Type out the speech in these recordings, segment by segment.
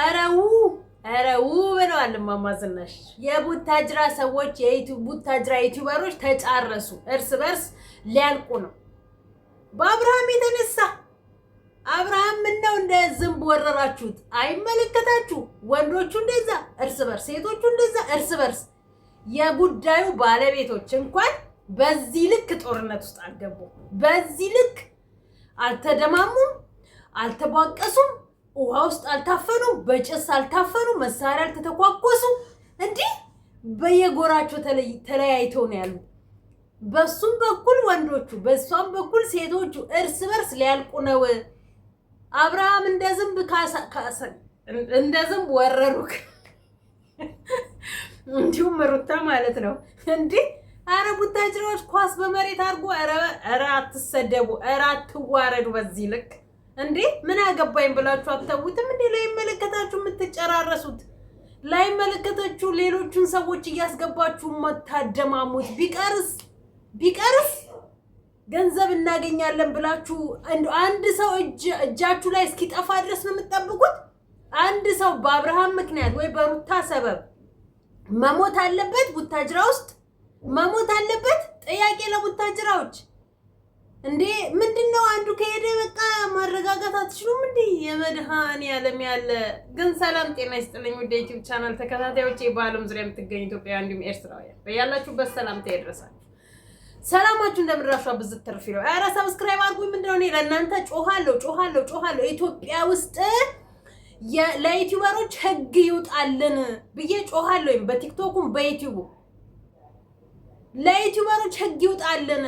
አረው አረው ብለዋል እማማ ዝናሽ። የቡታጅራ ሰዎች የቡታጅራ ዩቲዩበሮች ተጫረሱ፣ እርስ በርስ ሊያልቁ ነው በአብርሃም የተነሳ። አብርሃም ምነው እንደ ዝንብ ወረራችሁት? አይመለከታችሁ። ወንዶቹ እንደዛ እርስ በርስ፣ ሴቶቹ እንደዛ እርስ በርስ። የጉዳዩ ባለቤቶች እንኳን በዚህ ልክ ጦርነት ውስጥ አልገቡ፣ በዚህ ልክ አልተደማሙም፣ አልተቧቀሱም። ውሃ ውስጥ አልታፈኑ፣ በጭስ አልታፈኑ፣ መሳሪያ አልተተኳኮሱ። እንዲህ በየጎራቸው ተለያይተው ነው ያሉ። በሱም በኩል ወንዶቹ፣ በሷም በኩል ሴቶቹ እርስ በርስ ሊያልቁ ነው። አብርሃም እንደ ዝንብ እንደ ዝንብ ወረሩክ። እንዲሁም ሩታ ማለት ነው እንዲህ አረ ቡታጅራዎች ኳስ በመሬት አድርጎ፣ ኧረ አትሰደቡ፣ ኧረ አትዋረዱ በዚህ ልክ እንዴ ምን አገባኝ ብላችሁ አታውትም እንዴ? ላይመለከታችሁ የምትጨራረሱት ላይመለከታችሁ ሌሎቹን ሰዎች እያስገባችሁ መታደማሙት ቢቀርስ ቢቀርስ ገንዘብ እናገኛለን ብላችሁ አንድ ሰው እጃችሁ ላይ እስኪጠፋ ድረስ ነው የምትጠብቁት። አንድ ሰው በአብርሃም ምክንያት ወይ በሩታ ሰበብ መሞት አለበት፣ ቡታጅራ ውስጥ መሞት አለበት። ጥያቄ ለቡታጅራዎች እንዴ ምንድን ነው? አንዱ ከሄደ በቃ ማረጋጋት አትችሉም እንዴ? ያለም ያለ ግን። ሰላም ጤና ይስጥልኝ ወደ የዩቲዩብ ቻናል ተከታታዮች፣ በአለም ዙሪያ የምትገኝ ኢትዮጵያ እንዲሁም ኤርትራውያን በያላችሁበት ሰላምታ ይድረሳል። ሰላማችሁ እንደምድራሹ ብዝት ትርፍ ይለው። ኧረ ሰብስክራይብ አድርጉኝ። ምንድነው ነው እኔ ለእናንተ ጮሃለሁ ጮሃለሁ ጮሃለሁ ኢትዮጵያ ውስጥ ለዩቲዩበሮች ህግ ይውጣልን ብዬ ጮኋለሁ። በቲክቶኩም በዩቲዩቡ ለዩቲዩበሮች ህግ ይውጣልን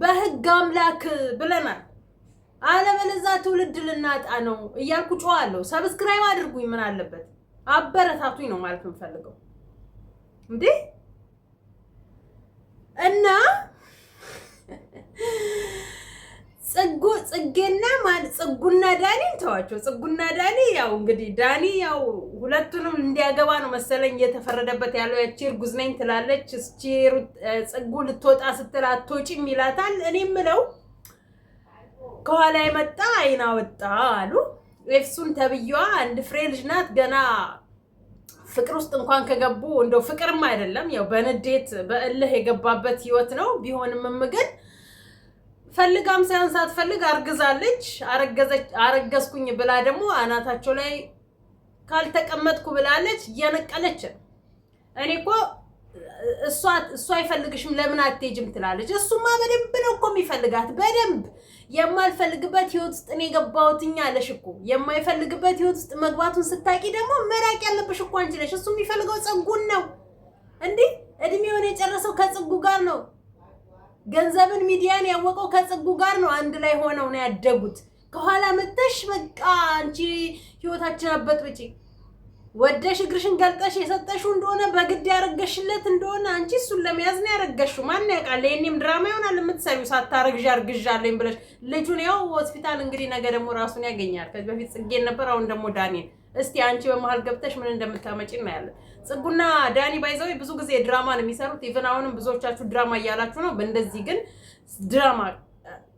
በህግ አምላክ ብለናል። አለበለዚያ ትውልድ ልናጣ ነው እያልኩ ጮዋለሁ። ሰብስክራይብ አድርጉኝ፣ ምን አለበት አበረታቱኝ ነው ማለት የምፈልገው እንዴ እና ጽጉ ጽጌና ማለት ጽጉና ዳኒ ተዋቸው። ጽጉና ዳኒ ያው እንግዲህ ዳኒ ያው ሁለቱንም እንዲያገባ ነው መሰለኝ እየተፈረደበት ያለው። ያቺ እርጉዝ ነኝ ትላለች። እስቺ ጽጉ ልትወጣ ስትል አትወጪም ይላታል። እኔ ምለው ከኋላ የመጣ አይና ወጣ አሉ። ኤፍሱን ተብዬዋ አንድ ፍሬ ልጅ ናት ገና ፍቅር ውስጥ እንኳን ከገቡ እንደው ፍቅርም አይደለም ያው በንዴት በእልህ የገባበት ህይወት ነው ቢሆንም ግን ፈልጋም ሳይሆን ሳትፈልግ አርግዛለች። አረገዝኩኝ ብላ ደግሞ አናታቸው ላይ ካልተቀመጥኩ ብላለች። እያነቀለች እኔ እኮ እሱ አይፈልግሽም ለምን አትሄጂም ትላለች። እሱማ በደንብ ነው እኮ የሚፈልጋት በደንብ የማልፈልግበት ህይወት ውስጥ እኔ ገባሁትኝ አለሽ እኮ። የማይፈልግበት ህይወት ውስጥ መግባቱን ስታቂ ደግሞ መራቅ ያለብሽ እኮ አንቺ ነሽ። እሱ የሚፈልገው ፀጉን ነው እንዲህ እድሜውን የጨረሰው ከጽጉ ጋር ነው። ገንዘብን ሚዲያን ያወቀው ከጽጉ ጋር ነው። አንድ ላይ ሆነው ነው ያደጉት። ከኋላ መተሽ በቃ አንቺ ህይወታችን አበጥብጪ ወደሽ እግርሽን ገልጠሽ የሰጠሽው እንደሆነ በግድ ያረገሽለት እንደሆነ አንቺ እሱን ለመያዝ ነው ያረገሽው። ማን ያውቃል? የእኔም ድራማ ይሆናል የምትሰሪው ሳታረግዣ እርግዣለኝ ብለሽ ልጁን ያው ሆስፒታል እንግዲህ ነገ ደግሞ ራሱን ያገኛል። ከዚህ በፊት ጽጌን ነበር፣ አሁን ደግሞ ዳኔን። እስቲ አንቺ በመሀል ገብተሽ ምን እንደምታመጪ እናያለን። ጽጉና ዳኒ ባይዘው ብዙ ጊዜ ድራማ ነው የሚሰሩት። ኢቨን አሁንም ብዙዎቻችሁ ድራማ እያላችሁ ነው። በእንደዚህ ግን ድራማ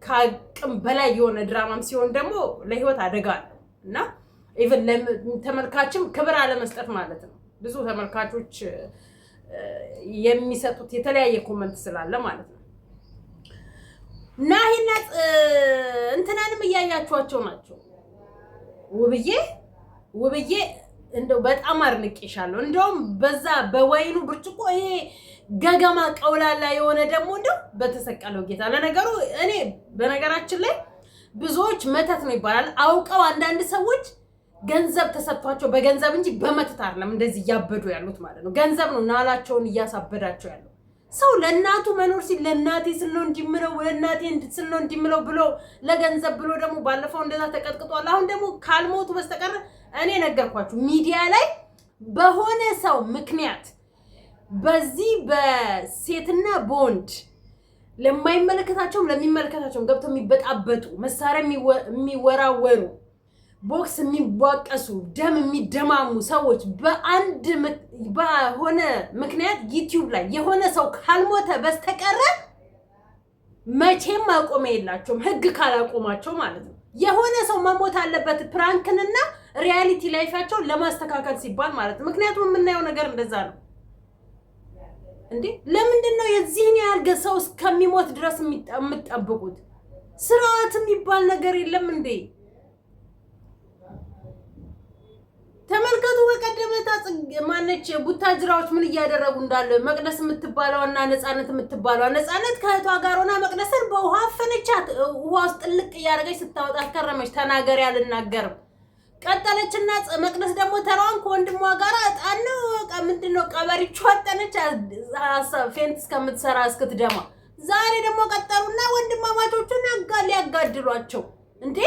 ከአቅም በላይ የሆነ ድራማም ሲሆን ደግሞ ለህይወት አደጋ አለው እና ኢቨን ተመልካችም ክብር አለመስጠት ማለት ነው። ብዙ ተመልካቾች የሚሰጡት የተለያየ ኮመንት ስላለ ማለት ነው። ይህና እንትናንም እያያችኋቸው ናቸው ውብዬ ውብዬ እንደው በጣም አድንቄሻለሁ። እንደውም በዛ በወይኑ ብርጭቆ ይሄ ገገማ ቀውላላ የሆነ ደግሞ እንደው በተሰቀለው ጌታ። ለነገሩ እኔ በነገራችን ላይ ብዙዎች መተት ነው ይባላል አውቀው አንዳንድ ሰዎች ገንዘብ ተሰጥቷቸው በገንዘብ እንጂ በመተት አይደለም እንደዚህ እያበዱ ያሉት ማለት ነው። ገንዘብ ነው ናላቸውን እያሳበዳቸው ያለው። ሰው ለእናቱ መኖር ሲል ለእናቴ ስል እንዲምለው ለእናቴ ስል እንዲምለው ብሎ ለገንዘብ ብሎ ደግሞ ባለፈው እንደዛ ተቀጥቅጧል። አሁን ደግሞ ካልሞቱ በስተቀር እኔ ነገርኳችሁ ሚዲያ ላይ በሆነ ሰው ምክንያት በዚህ በሴትና በወንድ ለማይመለከታቸውም ለሚመለከታቸውም ገብተው የሚበጣበጡ መሳሪያ የሚወራወሩ ቦክስ የሚቧቀሱ ደም የሚደማሙ ሰዎች በአንድ በሆነ ምክንያት ዩቲዩብ ላይ የሆነ ሰው ካልሞተ በስተቀረ መቼም ማቆሚያ የላቸውም፣ ህግ ካላቆማቸው ማለት ነው። የሆነ ሰው መሞት አለበት፣ ፕራንክንና ሪያሊቲ ላይፋቸውን ለማስተካከል ሲባል ማለት ነው። ምክንያቱም የምናየው ነገር እንደዛ ነው። እንዴ ለምንድን ነው የዚህን ያህል ሰው እስከሚሞት ድረስ የምጠብቁት? ስርዓት የሚባል ነገር የለም እንዴ? ተመልከቱ። በቀደመታ ማነች ቡታጅራዎች ምን እያደረጉ እንዳለ መቅደስ የምትባለዋ እና ነፃነት የምትባለዋ ነፃነት ከእህቷ ጋር ሆና መቅደስን በውሃ አፈነቻት። ውሃ ውስጥ ጥልቅ እያደረገች ስታወጣ ከረመች። ተናገሪ አልናገርም ቀጠለችና መቅደስ ደግሞ ተራዋን ከወንድሟ ጋር እጣን ነው ምንድን ነው ቀበሪቹ አጠነች። ፌንት እስከምትሰራ እስክትደማ ዛሬ ደግሞ ቀጠሉና ወንድማማቾቹን ሊያጋድሏቸው እንዴ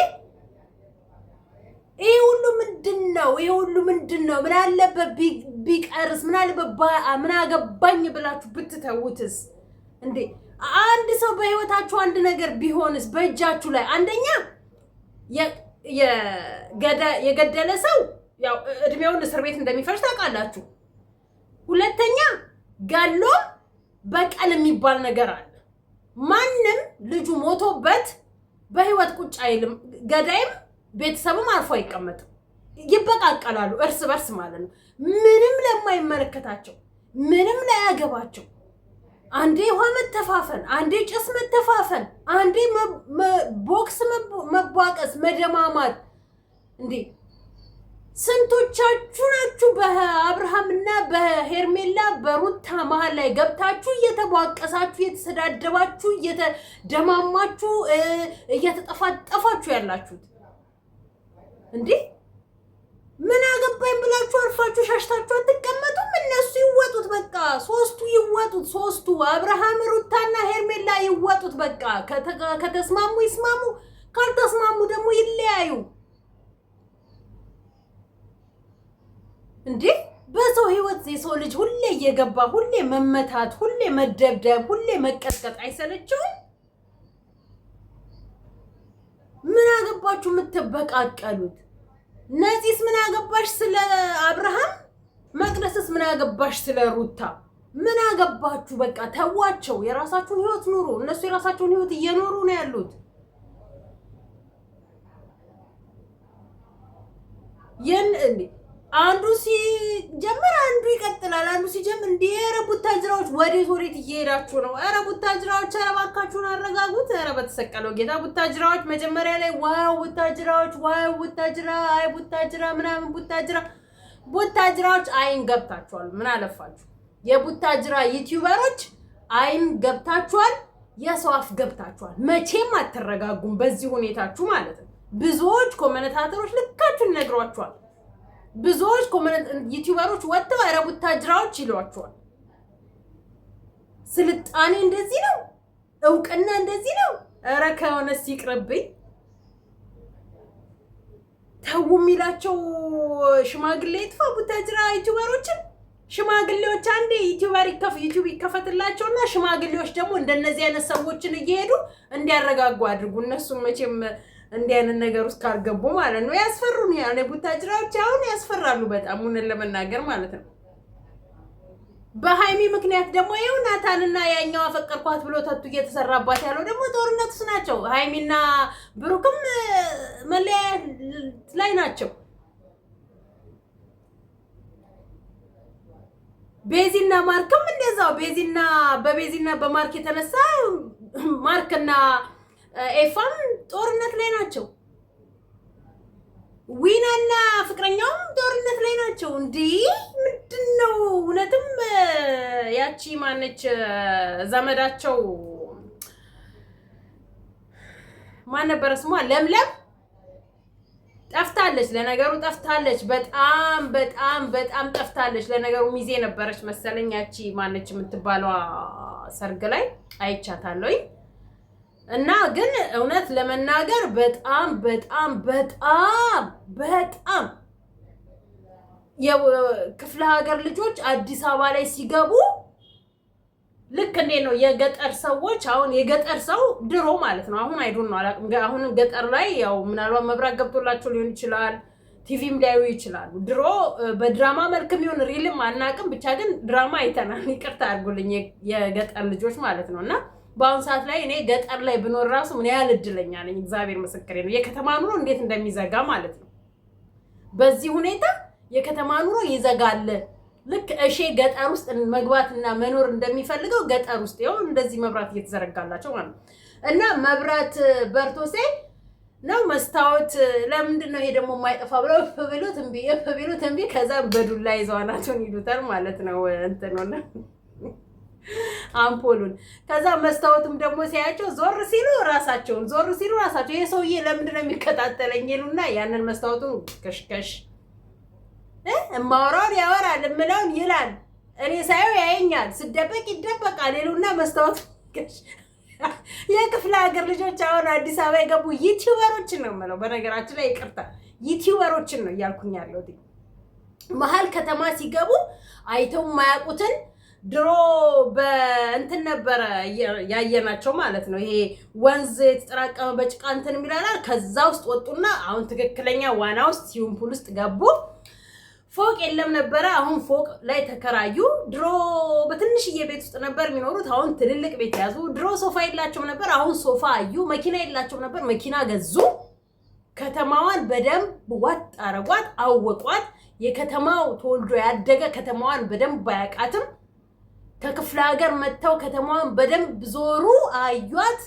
ይሄ ሁሉ ምንድን ነው? ሁሉ ምንድን ነው? ምን አለበት ቢቀርስ? ምን አለበት ምን አገባኝ ብላችሁ ብትተውትስ? እንዴ አንድ ሰው በህይወታችሁ አንድ ነገር ቢሆንስ? በእጃችሁ ላይ አንደኛ የገደለ ሰው ያው እድሜውን እስር ቤት እንደሚፈርስ ታውቃላችሁ። ሁለተኛ ገሎ በቀል የሚባል ነገር አለ። ማንም ልጁ ሞቶበት በህይወት ቁጭ አይልም። ገዳይም ቤተሰብም አርፎ አይቀመጥም። ይበቃቀላሉ እርስ በርስ ማለት ነው። ምንም ለማይመለከታቸው ምንም ላያገባቸው አንዴ ውሃ መተፋፈን፣ አንዴ ጭስ መተፋፈን፣ አንዴ ቦክስ መቧቀስ፣ መደማማት። እንዴ ስንቶቻችሁ ናችሁ በአብርሃምና በሄርሜላ በሩታ መሀል ላይ ገብታችሁ እየተቧቀሳችሁ፣ እየተሰዳደባችሁ፣ እየተደማማችሁ፣ እየተጠፋጠፋችሁ ያላችሁት? እንዴ ምን አገባኝ ብላችሁ አርፋችሁ ሻሽታችሁ አትቀመጡም? እነሱ ይወጡት በቃ ሶስቱ ይወጡት። ሶስቱ አብርሃም፣ ሩታና ሄርሜላ ይወጡት በቃ። ከተስማሙ ይስማሙ፣ ካልተስማሙ ደግሞ ይለያዩ። እንዴ በሰው ህይወት የሰው ልጅ ሁሌ እየገባ ሁሌ መመታት፣ ሁሌ መደብደብ፣ ሁሌ መቀጥቀጥ አይሰለችውም? ምን አገባችሁ የምትበቃቀሉት? ነፂስ ምን አገባሽ ስለ አብርሃም? መቅደስስ ምን አገባሽ ስለ ሩታ? ምን አገባችሁ? በቃ ተዋቸው፣ የራሳችሁን ህይወት ኑሩ። እነሱ የራሳቸውን ህይወት እየኖሩ ነው ያሉት። የን አንዱ ሲጀምር አንዱ ይቀጥላል። አንዱ ሲጀምር እንዲ ኧረ ቡታጅራዎች ወዴት ወዴት እየሄዳችሁ ነው? ኧረ ቡታጅራዎች፣ ኧረ እባካችሁን አረጋጉት። ኧረ በተሰቀለው ጌታ ቡታጅራዎች መጀመሪያ ላይ ዋው ቡታጅራዎች፣ ዋው ቡታጅራ፣ አይ ቡታጅራ ምናምን ቡታጅራ ቡታጅራዎች አይን ገብታችኋል። ምን አለፋችሁ የቡታጅራ ዩቲዩበሮች አይን ገብታችኋል፣ የሰው አፍ ገብታችኋል። መቼም አትረጋጉም በዚህ ሁኔታችሁ ማለት ነው። ብዙዎች ኮመንታተሮች ልካችሁን ነግሯችኋል። ብዙዎች ዩቲዩበሮች ወጥተው ኧረ ቡታጅራዎች ይሏቸዋል። ስልጣኔ እንደዚህ ነው፣ እውቅና እንደዚህ ነው። ኧረ ከሆነስ ይቅርብኝ። ተው የሚላቸው ሽማግሌ ይጥፋ። ቡታጅራ ዩቲዩበሮችን ሽማግሌዎች አንዴ ዩቲዩበር ዩቲዩብ ይከፈትላቸውና ሽማግሌዎች ደግሞ እንደነዚህ አይነት ሰዎችን እየሄዱ እንዲያረጋጉ አድርጉ። እነሱም መቼም እንዲህ አይነት ነገር ውስጥ ካልገቡ ማለት ነው። ያስፈሩን ያኔ ቡታጅራዎች አሁን ያስፈራሉ በጣም እውነት ለመናገር ማለት ነው። በሀይሚ ምክንያት ደግሞ ይኸው ናታንና ያኛው አፈቀርኳት ብሎ ተቱ እየተሰራባት ያለው ደግሞ ጦርነት ውስጥ ናቸው። ሀይሚና ብሩክም መለያየት ላይ ናቸው። ቤዚና ማርክም እንደዛው ቤዚና በቤዚና በማርክ የተነሳ ማርክና ኤፋም ጦርነት ላይ ናቸው። ዊናና ፍቅረኛውም ጦርነት ላይ ናቸው። እንዲህ ምንድን ነው እውነትም? ያቺ ማነች ዘመዳቸው ማን ነበረ ስሟ? ለምለም ጠፍታለች። ለነገሩ ጠፍታለች። በጣም በጣም በጣም ጠፍታለች። ለነገሩ ሚዜ ነበረች መሰለኝ ያቺ ማነች የምትባለዋ ሰርግ ላይ አይቻታለሁኝ። እና ግን እውነት ለመናገር በጣም በጣም በጣም በጣም የክፍለ ሀገር ልጆች አዲስ አበባ ላይ ሲገቡ ልክ እንዴት ነው የገጠር ሰዎች። አሁን የገጠር ሰው ድሮ ማለት ነው አሁን አይዱን ነው አላውቅም። አሁን ገጠር ላይ ያው ምናልባት መብራት ገብቶላቸው ሊሆን ይችላል፣ ቲቪም ሊያዩ ይችላሉ። ድሮ በድራማ መልክም ይሁን ሪልም አናውቅም፣ ብቻ ግን ድራማ አይተናል። ይቅርታ አድርጉልኝ የገጠር ልጆች ማለት ነው እና በአሁኑ ሰዓት ላይ እኔ ገጠር ላይ ብኖር ራሱ ምን ያህል እድለኛ ነኝ፣ እግዚአብሔር ምስክሬ ነው። የከተማ ኑሮ እንዴት እንደሚዘጋ ማለት ነው። በዚህ ሁኔታ የከተማ ኑሮ ይዘጋል። ልክ እሼ ገጠር ውስጥ መግባትና መኖር እንደሚፈልገው ገጠር ውስጥ ይኸው እንደዚህ መብራት እየተዘረጋላቸው ማለት ነው። እና መብራት በርቶሴ ነው መስታወት ለምንድን ነው ይሄ ደግሞ የማይጠፋ ብለው እፍ ቢሉት እምቢ፣ እፍ ከዛ በዱላ ይዘዋናቸውን ይሉታል ማለት ነው እንትኑና አምፖሉን ከዛ መስታወትም ደግሞ ሲያያቸው ዞር ሲሉ ራሳቸውን ዞር ሲሉ ራሳቸው ይሄ ሰውዬ ለምንድን ነው የሚከታተለኝ ይሉና ያንን መስታወቱን ከሽከሽ እማወራውን ያወራል እምለውን ይላል። እኔ ሳየው ያየኛል፣ ስደበቅ ይደበቃል ይሉና መስታወት የክፍለ ሀገር ልጆች አሁን አዲስ አበባ የገቡ ዩቲዩበሮችን ነው የምለው። በነገራችን ላይ ይቅርታ ዩቲዩበሮችን ነው እያልኩኝ ያለሁት መሀል ከተማ ሲገቡ አይተው የማያውቁትን ድሮ በእንትን ነበረ ያየናቸው ማለት ነው። ይሄ ወንዝ የተጠራቀመ በጭቃ እንትን የሚላላል። ከዛ ውስጥ ወጡና አሁን ትክክለኛ ዋና ውስጥ ፑል ውስጥ ገቡ። ፎቅ የለም ነበረ። አሁን ፎቅ ላይ ተከራዩ። ድሮ በትንሽዬ ቤት ውስጥ ነበር የሚኖሩት። አሁን ትልልቅ ቤት ያዙ። ድሮ ሶፋ የላቸው ነበር። አሁን ሶፋ አዩ። መኪና የላቸው ነበር። መኪና ገዙ። ከተማዋን በደንብ ዋጥ አረጓት፣ አወቋት። የከተማው ተወልዶ ያደገ ከተማዋን በደንብ አያውቃትም። ከክፍለ ሀገር መጥተው ከተማዋን በደንብ ዞሩ፣ አዩት።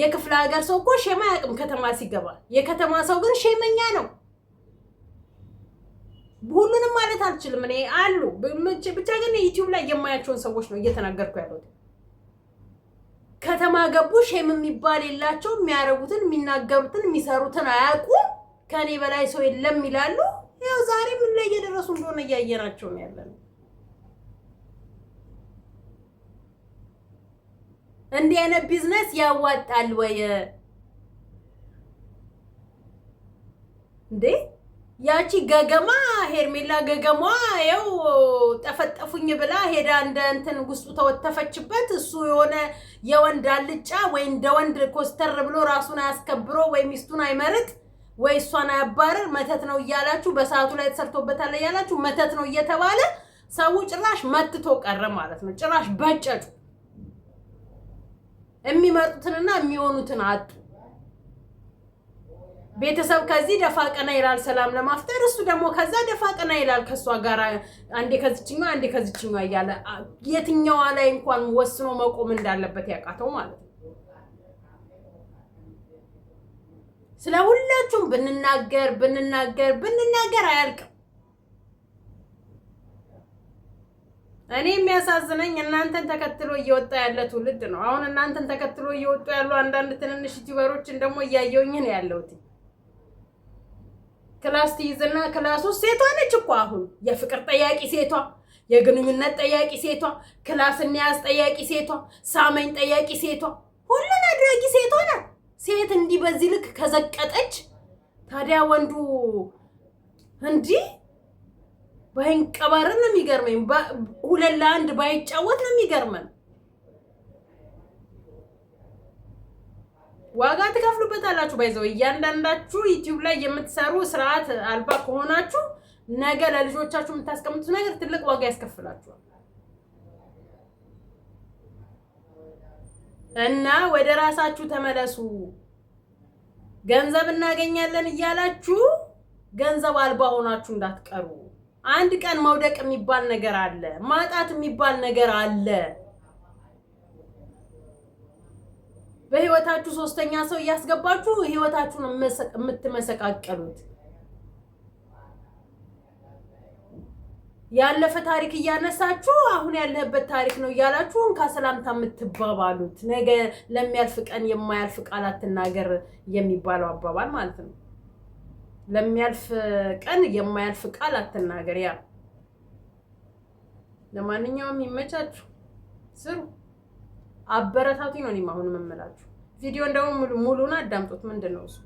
የክፍለ ሀገር ሰው እኮ ሼማ ያቅም ከተማ ሲገባ። የከተማ ሰው ግን ሼመኛ ነው። ሁሉንም ማለት አልችልም እኔ አሉ ብቻ ግን ዩቲዩብ ላይ የማያቸውን ሰዎች ነው እየተናገርኩ ያሉት። ከተማ ገቡ፣ ሼም የሚባል የላቸው። የሚያደርጉትን፣ የሚናገሩትን፣ የሚሰሩትን አያውቁም። ከኔ በላይ ሰው የለም ይላሉ። ያው ዛሬ ምን ላይ እየደረሱ እንደሆነ እያየናቸው ነው ያለነው። እንዲህ አይነት ቢዝነስ ያዋጣል ወይ እንዴ? ያቺ ገገማ ሄርሜላ ገገማ ይኸው ጠፈጠፉኝ ብላ ሄዳ እንደ እንትን ውስጡ ተወተፈችበት። እሱ የሆነ የወንድ አልጫ ወይ እንደ ወንድ ኮስተር ብሎ ራሱን አያስከብሮ ወይ ሚስቱን አይመርጥ ወይ እሷን አያባረር መተት ነው እያላችሁ በሰዓቱ ላይ ተሰርቶበታል እያላችሁ መተት ነው እየተባለ ሰው ጭራሽ መትቶ ቀረ ማለት ነው። ጭራሽ በጨጩ የሚመርጡትንና የሚሆኑትን አጡ። ቤተሰብ ከዚህ ደፋ ቀና ይላል ሰላም ለማፍጠር፣ እሱ ደግሞ ከዛ ደፋ ቀና ይላል ከእሷ ጋር አንዴ ከዚችኛ አንዴ ከዚችኛ እያለ የትኛዋ ላይ እንኳን ወስኖ መቆም እንዳለበት ያቃተው ማለት ነው። ስለ ሁላችሁም ብንናገር ብንናገር ብንናገር አያልቅም። እኔ የሚያሳዝነኝ እናንተን ተከትሎ እየወጣ ያለ ትውልድ ነው። አሁን እናንተን ተከትሎ እየወጡ ያሉ አንዳንድ ትንንሽ ዩቲዩበሮችን ደግሞ እያየውኝ ነው ያለሁት። ክላስ ትይዝና ክላስ ውስጥ ሴቷ ነች እኮ አሁን የፍቅር ጠያቂ ሴቷ፣ የግንኙነት ጠያቂ ሴቷ፣ ክላስ እንያዝ ጠያቂ ሴቷ፣ ሳመኝ ጠያቂ ሴቷ፣ ሁሉን አድራጊ ሴቷ ነ ሴት እንዲህ በዚህ ልክ ከዘቀጠች ታዲያ ወንዱ እንዲህ ባይንቀባረር ነው የሚገርመኝ። ሁለት ለአንድ ባይጫወት ነው የሚገርመን። ዋጋ ትከፍሉበታላችሁ። ባይዘው እያንዳንዳችሁ ዩቲዩብ ላይ የምትሰሩ ስርዓት አልባ ከሆናችሁ ነገ ለልጆቻችሁ የምታስቀምጡት ነገር ትልቅ ዋጋ ያስከፍላችኋል። እና ወደ ራሳችሁ ተመለሱ። ገንዘብ እናገኛለን እያላችሁ ገንዘብ አልባ ሆናችሁ እንዳትቀሩ። አንድ ቀን መውደቅ የሚባል ነገር አለ። ማጣት የሚባል ነገር አለ። በህይወታችሁ ሶስተኛ ሰው እያስገባችሁ ህይወታችሁን የምትመሰቃቀሉት ያለፈ ታሪክ እያነሳችሁ አሁን ያለህበት ታሪክ ነው እያላችሁ እንካ ሰላምታ የምትባባሉት ነገ ለሚያልፍ ቀን የማያልፍ ቃል አትናገር የሚባለው አባባል ማለት ነው። ለሚያልፍ ቀን የማያልፍ ቃል አትናገር ያ ለማንኛውም ይመቻችሁ ስሩ አበረታቱኝ ነው እኔም አሁን የምመላችሁ ቪዲዮን ደግሞ ሙሉን አዳምጡት ምንድን ነው እሱ